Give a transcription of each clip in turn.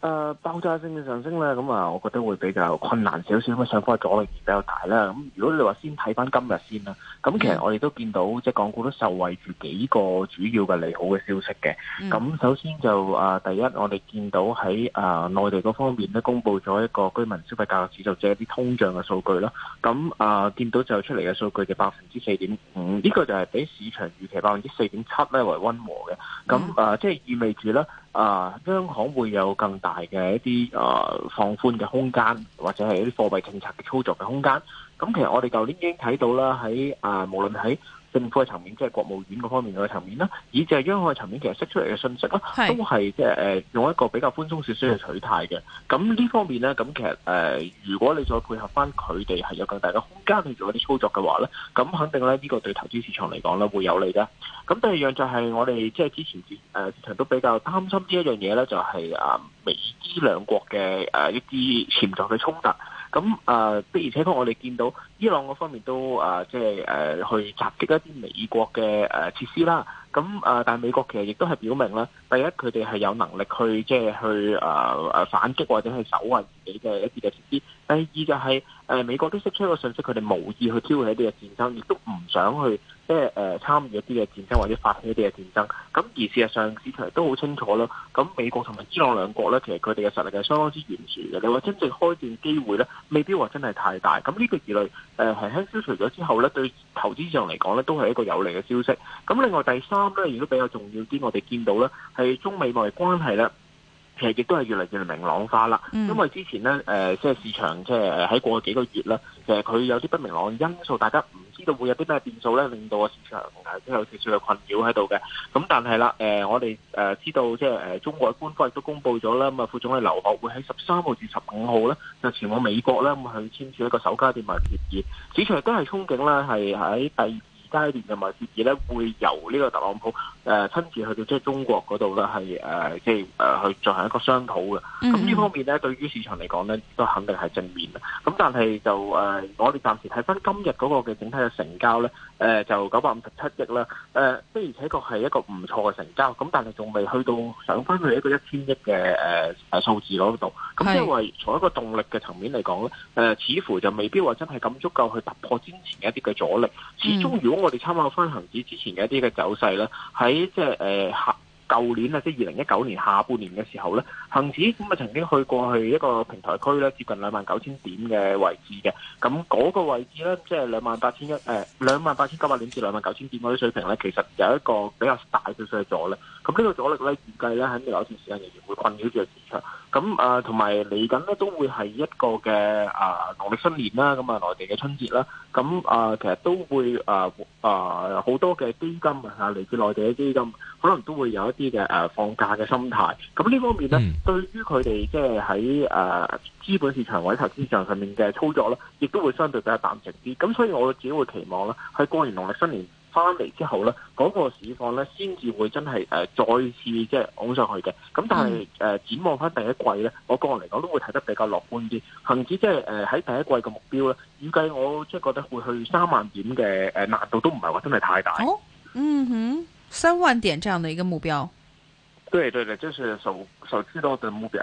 誒、呃，爆炸性嘅上升咧，咁啊，我覺得會比較困難少少，咁啊，上方阻力比較大啦。咁如果你話先睇返今日先啦，咁其實我哋都見到，mm. 即係港股都受惠住幾個主要嘅利好嘅消息嘅。咁首先就啊、呃，第一我哋見到喺啊內地嗰方面咧，公布咗一個居民消費價格指數借一啲通脹嘅數據啦。咁啊、呃，見到就出嚟嘅數據就百分之四點五，呢、呢個就係比市場預期百分之四點七咧為溫和嘅。咁啊、呃，即係意味住啦啊，央行會有更大嘅一啲啊放寬嘅空間，或者係一啲貨幣政策嘅操作嘅空間。咁其實我哋舊年已經睇到啦，喺啊無論喺政府嘅層面即係國務院嗰方面嘅層面啦，以至係央行嘅層面，其實釋出嚟嘅信息啦，都係即係誒用一個比較寬鬆少少嘅取態嘅。咁呢方面咧，咁其實誒、呃，如果你再配合翻佢哋係有更大嘅空間去做一啲操作嘅話咧，咁肯定咧呢個對投資市場嚟講咧會有利㗎。咁第二樣就係我哋即係之前誒市場都比較擔心呢一樣嘢咧，就係、是、啊美伊兩國嘅誒一啲潛在嘅衝突。咁啊的而且確我哋見到。伊朗嗰方面都啊，即係誒去襲擊一啲美國嘅誒設施啦。咁啊，但係美國其實亦都係表明啦，第一佢哋係有能力去即係去啊啊反擊或者去守衛自己嘅一啲嘅設施。第二就係誒美國都釋出一個信息，佢哋無意去挑起一啲嘅戰爭，亦都唔想去即係誒參與一啲嘅戰爭或者發起一啲嘅戰爭。咁而事實上，市場都好清楚咯。咁美國同埋伊朗兩國咧，其實佢哋嘅實力係相當之懸殊嘅。你話真正開戰機會咧，未必話真係太大。咁呢個疑慮。誒係、呃、消除咗之後咧，對投資上嚟講咧，都係一個有利嘅消息。咁另外第三咧，亦都比較重要啲，我哋見到咧係中美貿易關係咧。其實亦都係越嚟越嚟明朗化啦，因為之前呢，誒、呃，即係市場即係喺過去幾個月咧，其實佢有啲不明朗嘅因素，大家唔知道會有啲咩變數咧，令到個市場都有少少嘅困擾喺度嘅。咁但係啦，誒、呃、我哋誒知道即係誒中國嘅官方亦都公布咗啦，咁啊副總理劉鶴會喺十三號至十五號咧就前往美國咧，咁去簽署一個首階段貿易協議，市場亦都係憧憬咧係喺第階段同埋協議咧，會由呢個特朗普誒、呃、親自去到即係中國嗰度咧，係誒、呃、即係誒、呃、去進行一個商討嘅。咁呢方面咧，對於市場嚟講咧，都肯定係正面啦。咁但係就誒、呃，我哋暫時睇翻今日嗰個嘅整體嘅成交咧。誒就九百五十七億啦，誒、呃、的而且確係一個唔錯嘅成交，咁但係仲未去到上翻去一個一千億嘅誒誒數字嗰度，咁因為從從一個動力嘅層面嚟講咧，誒、呃、似乎就未必話真係咁足夠去突破之前嘅一啲嘅阻力，始終如果我哋參考翻恒指之前嘅一啲嘅走勢咧，喺即係誒舊年啊，即係二零一九年下半年嘅時候咧，恆指咁啊、嗯、曾經去過去一個平台區咧，接近兩萬九千點嘅位置嘅。咁嗰個位置咧，即係兩萬八千一，誒兩萬八千九百點至兩萬九千點嗰啲水平咧，其實有一個比較大嘅衰咗咧。咁呢個阻力咧，預計咧肯定有一段時間仍然會困擾住市場。咁啊，同埋嚟緊咧都會係一個嘅啊農曆新年啦，咁啊內地嘅春節啦。咁啊、呃，其實都會啊好、呃呃、多嘅基金啊嚟自內地嘅基金，可能都會有一啲嘅、呃、放假嘅心態。咁呢方面咧，嗯、對於佢哋即係喺誒資本市場或者投資市場上面嘅操作咧，亦都會相對比較淡靜啲。咁所以我自己會期望呢，喺過年農曆新年翻嚟之後咧，嗰、那個市況咧，先至會真係誒、呃、再次即係往上去嘅。咁但係誒、嗯呃、展望翻第一季咧，我個人嚟講都會睇得比較樂觀啲。恆指即係誒喺第一季嘅目標咧，預計我即係覺得會去三萬點嘅誒難度都唔係話真係太大，哦。嗯哼，三萬點這樣嘅一個目標。對對對，即係首首季度嘅目標。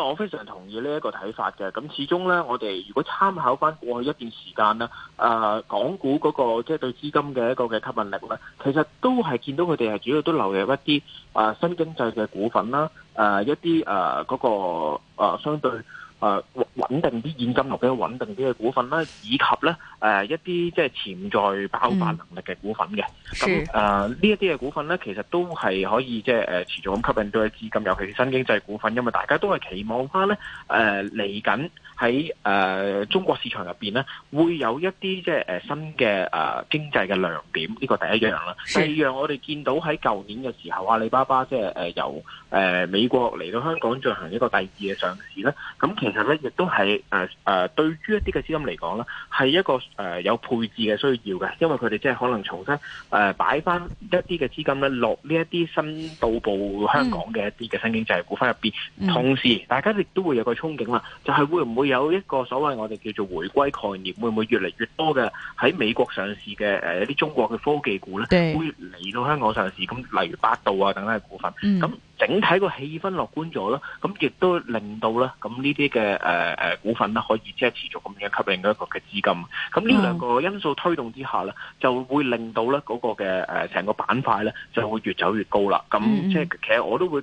我非常同意呢一個睇法嘅。咁始終呢，我哋如果參考返過去一段時間啦，誒、啊、港股嗰、那個即係、就是、對資金嘅一個嘅吸引力呢，其實都係見到佢哋係主要都流入一啲誒、啊、新經濟嘅股份啦，誒、啊、一啲誒嗰個、啊、相對誒穩定啲現金流嘅穩定啲嘅股份啦，以及咧誒一啲即係潛在包辦能力嘅股份嘅。咁誒呢一啲嘅股份咧，其實都係可以即係誒持續咁吸引到啲資金，尤其是新經濟股份，因為大家都係期望翻咧誒嚟緊，呃喺誒、呃、中國市場入邊咧，會有一啲即係誒新嘅誒、呃、經濟嘅亮點，呢個第一樣啦。第二樣我哋見到喺舊年嘅時候，阿里巴巴即係誒由誒美國嚟到香港進行一個第二嘅上市咧。咁其實咧，亦都係誒誒對於一啲嘅資金嚟講咧，係一個誒、呃、有配置嘅需要嘅，因為佢哋即係可能重新誒、呃、擺翻一啲嘅資金咧落呢一啲新到步香港嘅一啲嘅新經濟股翻入邊。嗯、同時，大家亦都會有個憧憬啦，就係會唔會？有一個所謂我哋叫做回歸概念，會唔會越嚟越多嘅，喺美國上市嘅誒一啲中國嘅科技股咧，對會嚟到香港上市？咁例如百度啊等等嘅股份，咁、嗯、整體個氣氛樂觀咗咯，咁、嗯、亦都令到咧咁呢啲嘅誒誒股份咧可以即係持續咁樣吸引一個嘅資金。咁呢兩個因素推動之下咧，就會令到咧嗰個嘅誒成個板塊咧就會越走越高啦。咁、嗯、即係其實我都會。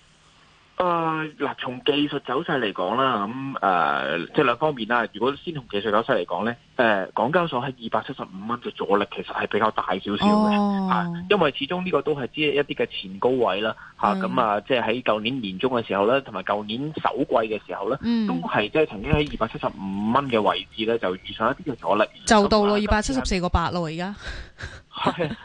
啊，嗱、呃，從技術走勢嚟講啦，咁、嗯、誒、呃，即係兩方面啦。如果先從技術走勢嚟講咧，誒、呃，港交所喺二百七十五蚊嘅阻力其實係比較大少少嘅，因為始終呢個都係只係一啲嘅前高位啦，吓、啊，咁、嗯、啊，即係喺舊年年中嘅時候咧，同埋舊年首季嘅時候咧，嗯、都係即係曾經喺二百七十五蚊嘅位置咧，就遇上一啲嘅阻力。就到咯，二百七十四個八咯，而家。 咁、 就是呃、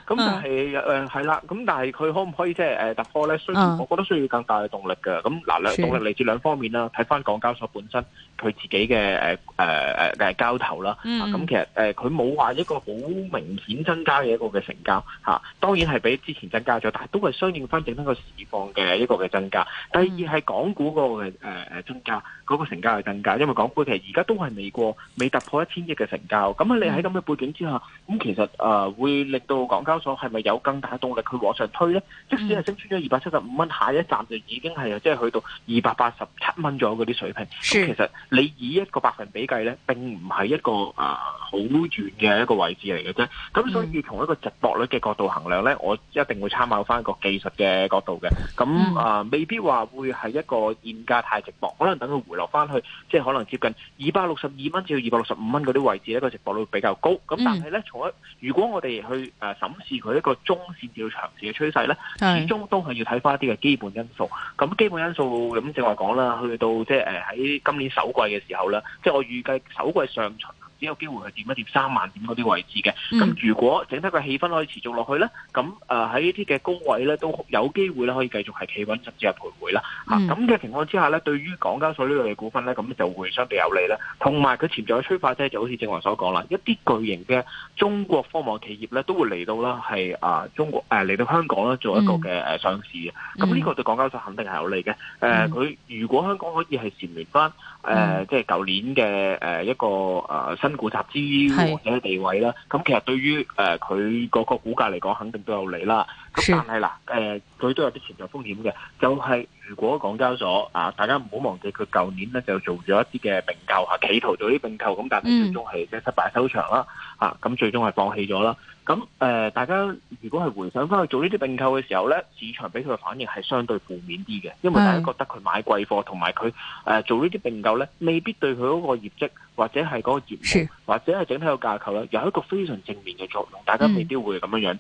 但係誒係啦，咁但係佢可唔可以即係誒突破咧？雖然我覺得需要更大嘅動力嘅。咁嗱，動力嚟自兩方面啦。睇翻港交所本身佢自己嘅誒誒誒嘅交投啦。咁、啊嗯啊、其實誒佢冇話一個好明顯增加嘅一個嘅成交吓、啊，當然係比之前增加咗，但係都係相應翻整翻個市況嘅一個嘅增加。第二係港股、那個嘅誒誒增加嗰、那個成交係增加，因為港股其實而家都係未過未突破一千億嘅成交。咁你喺咁嘅背景之下，咁其實誒、呃、會令。到港交所係咪有更大嘅動力去往上推呢？即使係升穿咗二百七十五蚊，下一站就已經係即係去到二百八十七蚊左右嗰啲水平。是其實你以一個百分比計呢，並唔係一個啊好遠嘅一個位置嚟嘅啫。咁所以要從一個值博率嘅角度衡量呢，我一定會參考翻一個技術嘅角度嘅。咁啊、呃，未必話會係一個現價太值博，可能等佢回落翻去，即係可能接近二百六十二蚊至到二百六十五蚊嗰啲位置咧，個值博率比較高。咁但係呢，從一如果我哋去誒、啊、審視佢一個中線至到長線嘅趨勢咧，始終都係要睇翻一啲嘅基本因素。咁基本因素咁正話講啦，去到即係喺今年首季嘅時候咧，即、就、係、是、我預計首季上旬。只有機會去掂一掂三萬點嗰啲位置嘅，咁如果整體嘅氣氛可以持續落去咧，咁誒喺呢啲嘅高位咧都有機會咧可以繼續係企穩甚至係徘徊啦。嚇咁嘅情況之下咧，對於港交所呢類嘅股份咧，咁就會相對有利啦。同埋佢潛在嘅催化劑就好似正話所講啦，一啲巨型嘅中國科網企業咧都會嚟到啦係啊中國誒嚟、呃、到香港啦做一個嘅誒上市嘅。咁呢、嗯、個對港交所肯定係有利嘅。誒、呃、佢、嗯、如果香港可以係蟬聯返。誒，即係舊年嘅誒一個誒新股集資王嘅地位啦，咁是其實對於誒佢個個股價嚟講，肯定都有利啦。但係嗱，佢、呃、都有啲潛在風險嘅，就係、是、如果港交所啊，大家唔好忘記佢舊年咧就做咗一啲嘅並購、啊、企圖做啲並購，咁但係最終係即係失敗收場啦、嗯啊，啊咁最終係放棄咗啦。咁、呃、誒，大家如果係回想翻去做呢啲並購嘅時候咧，市場俾佢嘅反應係相對負面啲嘅，因為大家覺得佢買貴貨，同埋佢誒做呢啲並購咧，未必對佢嗰個業績。或者係嗰個業務，或者係整體個架構咧，有一個非常正面嘅作用，大家未必會咁樣樣睇。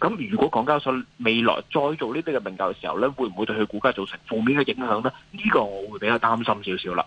咁、嗯、如果港交所未來再做呢啲嘅命究嘅時候咧，會唔會對佢股價造成負面嘅影響咧？呢、呢個我會比較擔心少少啦。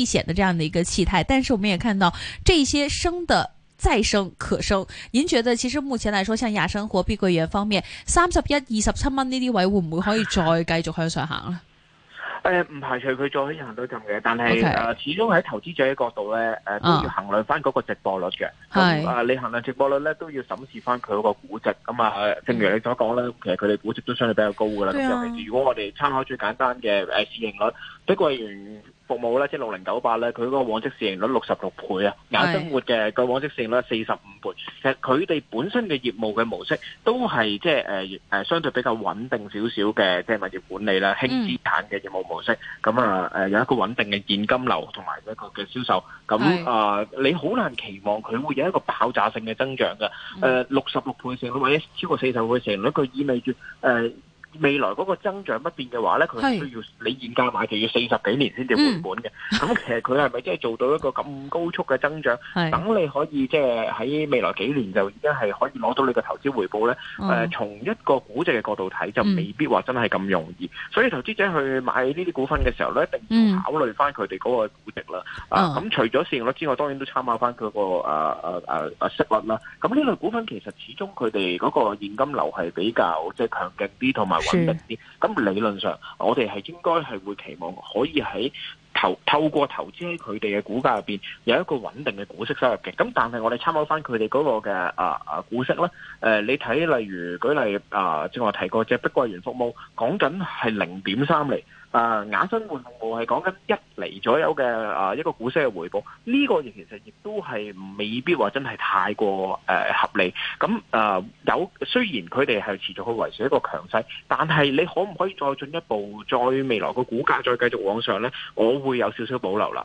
避險嘅，險這樣的一個氣態，但是我們也看到這些升的再升可升。您覺得其實目前來說，像雅生活、碧桂園方面，三十一二十七蚊呢啲位會唔會可以再繼續向上行咧？誒、呃，唔排除佢再可以行到咁嘅，但係誒 Okay.、呃，始終喺投資者的角度咧，誒、呃、都要衡量翻嗰個值博率嘅。係啊，且是你衡量值博率咧，都要審視翻佢嗰個估值。咁啊，正如你所講咧，其實佢哋估值都相對比較高噶啦。咁、啊、尤其是如果我哋參考最簡單嘅誒、呃、市盈率，碧桂園。服務咧，即係六零九八咧，佢嗰個往績市盈率六十六倍啊，雅的生活嘅個往績市盈率四十五倍。其實佢哋本身嘅業務嘅模式都係即係誒誒相對比較穩定少少嘅，即係物業管理啦、輕資產嘅業務模式。咁啊誒有一個穩定嘅現金流同埋一個嘅銷售。咁啊的、呃、你好難期望佢會有一個爆炸性嘅增長嘅。誒六十六倍市盈率或者超過四十倍市盈率，佢意味住誒。呃未來嗰個增長不變嘅話咧，佢係需要你現價買就要四十幾年先至回本嘅。咁、嗯、其實佢係咪真係做到一個咁高速嘅增長？等、嗯、你可以即係喺未來幾年就已經係可以攞到你嘅投資回報咧？從、哦呃、一個估值嘅角度睇，就未必話真係咁容易。嗯、所以投資者去買呢啲股份嘅時候咧，一定要考慮翻佢哋嗰個估值啦。嗯、啊，咁、嗯、除咗市盈率之外，當然都參考翻佢個誒誒誒息率啦。咁呢類股份其實始終佢哋嗰個現金流係比較即係強勁啲，同、就、埋、是。穩定啲，咁理論上我哋係應該係會期望可以喺投透過投資喺佢哋嘅股價入面有一個穩定嘅股息收入嘅。咁但係我哋參考翻佢哋嗰個嘅啊啊股息咧，誒、呃、你睇例如舉例啊，正話提過隻碧桂園服務講緊係零點三厘。誒，眼新換目係講緊一厘左右嘅，誒、呃、一個股息嘅回報，呢、這個亦其實亦都係未必話真係太過誒、呃、合理。咁誒、呃、有，雖然佢哋係持續去維持一個強勢，但係你可唔可以再進一步，再未來個股價再繼續往上咧？我會有少少保留啦。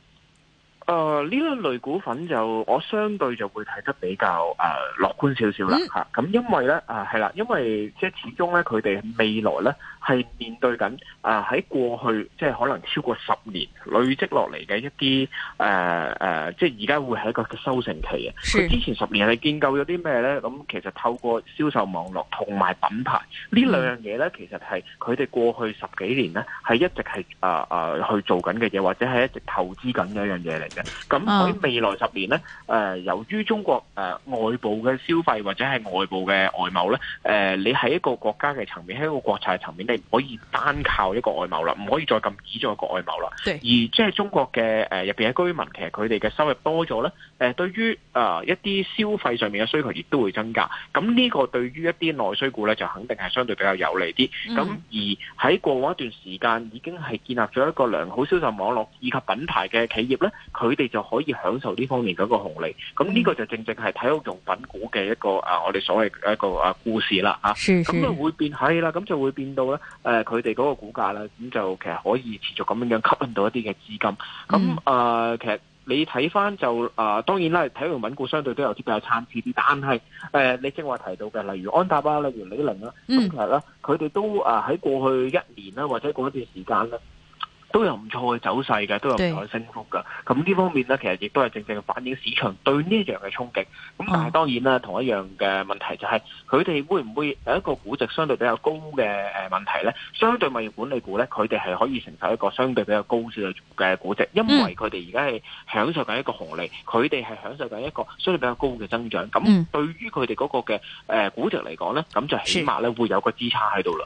誒呢一類股份就我相對就會睇得比較誒樂觀少少啦嚇，咁因為咧，啊係啦，因為即係始終咧，佢哋未來咧係面對緊誒喺過去即係可能超過十年累積落嚟嘅一啲誒誒，即係而家會係一個收成期嘅。佢是之前十年係建構咗啲咩咧？咁其實透過銷售網絡同埋品牌呢兩樣嘢咧，其實係佢哋過去十幾年咧係一直係誒誒去做緊嘅嘢，或者係一直投資緊嘅一樣嘢嚟嘅。咁喺未來十年咧，uh, 呃，由於中國、呃、外部嘅消費或者係外部嘅外貿咧，呃，你喺一個國家嘅層面，喺一個國際層面，你唔可以單靠一個外貿啦，唔可以再咁咗一個外貿啦。對而即係中國嘅入、呃、面嘅居民，其實佢哋嘅收入多咗咧，誒、呃、對於、呃、一啲消費上面嘅需求亦都會增加。咁呢個對於一啲內需股咧，就肯定係相對比較有利啲。咁而喺過往一段時間已經係建立咗一個良好銷售網絡以及品牌嘅企業咧，佢哋就可以享受呢方面嗰個紅利，咁呢個就正正係體育用品股嘅一個誒，我哋所謂一個誒故事啦嚇，咁啊是是 會變係啦，咁就會變到咧誒佢哋嗰個股價咧，咁就其實可以持續咁樣樣吸引到一啲嘅資金，咁啊、呃、其實你睇翻就啊、呃、當然啦，體育用品股相對都有啲比較參差啲，但係誒、呃、你正話提到嘅，例如安踏啊，例如李寧啊，咁、嗯、其實咧佢哋都啊喺、呃、過去一年啦，或者過一段時間咧。都有唔錯嘅走勢嘅，都有唔錯嘅升幅㗎。咁呢對方面呢，其實亦都係正正反映市場對呢一樣嘅衝擊。咁但係當然啦，哦、同一樣嘅問題就係佢哋會唔會有一個估值相對比較高嘅誒問題呢？相對物業管理股呢，佢哋係可以承受一個相對比較高少嘅估值，因為佢哋而家係享受緊一個紅利，佢哋係享受緊一個相對比較高嘅增長。咁對於佢哋嗰個嘅誒估值嚟講呢，咁就起碼呢是會有個支撐喺度啦。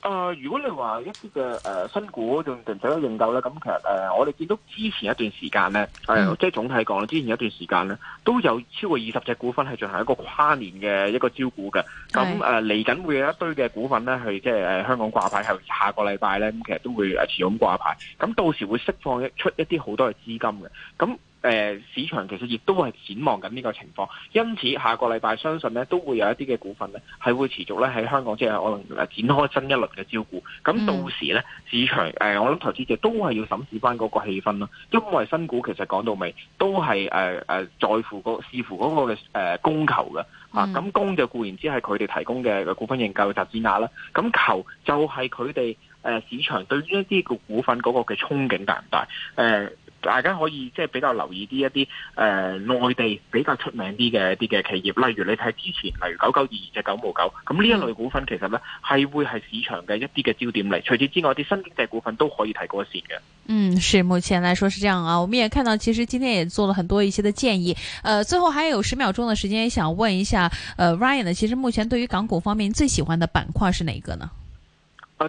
啊、呃！如果你話一啲嘅，誒，新股仲使想認購咧？咁其實誒、呃、我哋見到之前一段時間咧，係即係總體講之前一段時間咧都有超過二十隻股份係進行一個跨年嘅一個招股嘅。咁誒嚟緊會有一堆嘅股份咧，去即係誒香港掛牌，係下個禮拜咧，咁其實都會持續咁掛牌。咁到時會釋放一出一啲好多嘅資金嘅，咁。誒、呃，市場其實亦都係展望緊呢個情況，因此下個禮拜相信咧都會有一啲嘅股份咧係會持續咧喺香港，即係可能展開新一輪嘅招股，咁到時咧、嗯、市場誒、呃，我諗投資者都係要審視翻嗰個氣氛咯，因為新股其實講到尾都係誒誒在乎嗰、那個、視乎嗰個嘅誒、呃、供求嘅啊，咁供就固然之係佢哋提供嘅股份認購集資額啦，咁求就係佢哋誒市場對於一啲嘅股份嗰個嘅憧憬大唔大誒。呃大家可以即係比較留意啲一啲誒、呃、內地比較出名啲嘅一啲嘅企業，例如你睇之前，例如九九二二隻九毛九，咁呢一類股份其實呢係、嗯、會係市場嘅一啲嘅焦點嚟。除此之外，啲新經濟股份都可以提過綫嘅。嗯，是目前來說是這樣啊。我們也看到，其實今天也做了很多一些的建議。呃最後還有十秒鐘的時間，也想問一下，呃 Ryan 呢？Ryan、其實目前對於港股方面，最喜歡的板塊是哪一個呢？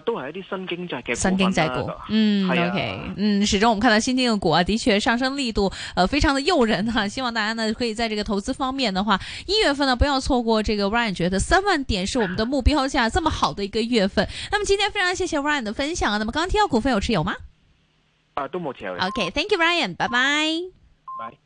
都係一啲新經濟嘅新、啊、經濟股，那個、嗯，啊 okay. 嗯，始終我們看到新經濟股啊，的確上升力度，呃非常的誘人、啊、希望大家呢可以在這個投資方面的話，一月份呢不要錯過。這個 Ryan 覺得三萬點是我們的目標價，這麼好的一個月份。啊、那麼今天非常謝謝 Ryan 的分享、啊。那麼剛剛聽到股份有持有嗎？啊，都冇持有。OK，Thank you，Ryan，拜拜、嗯。拜。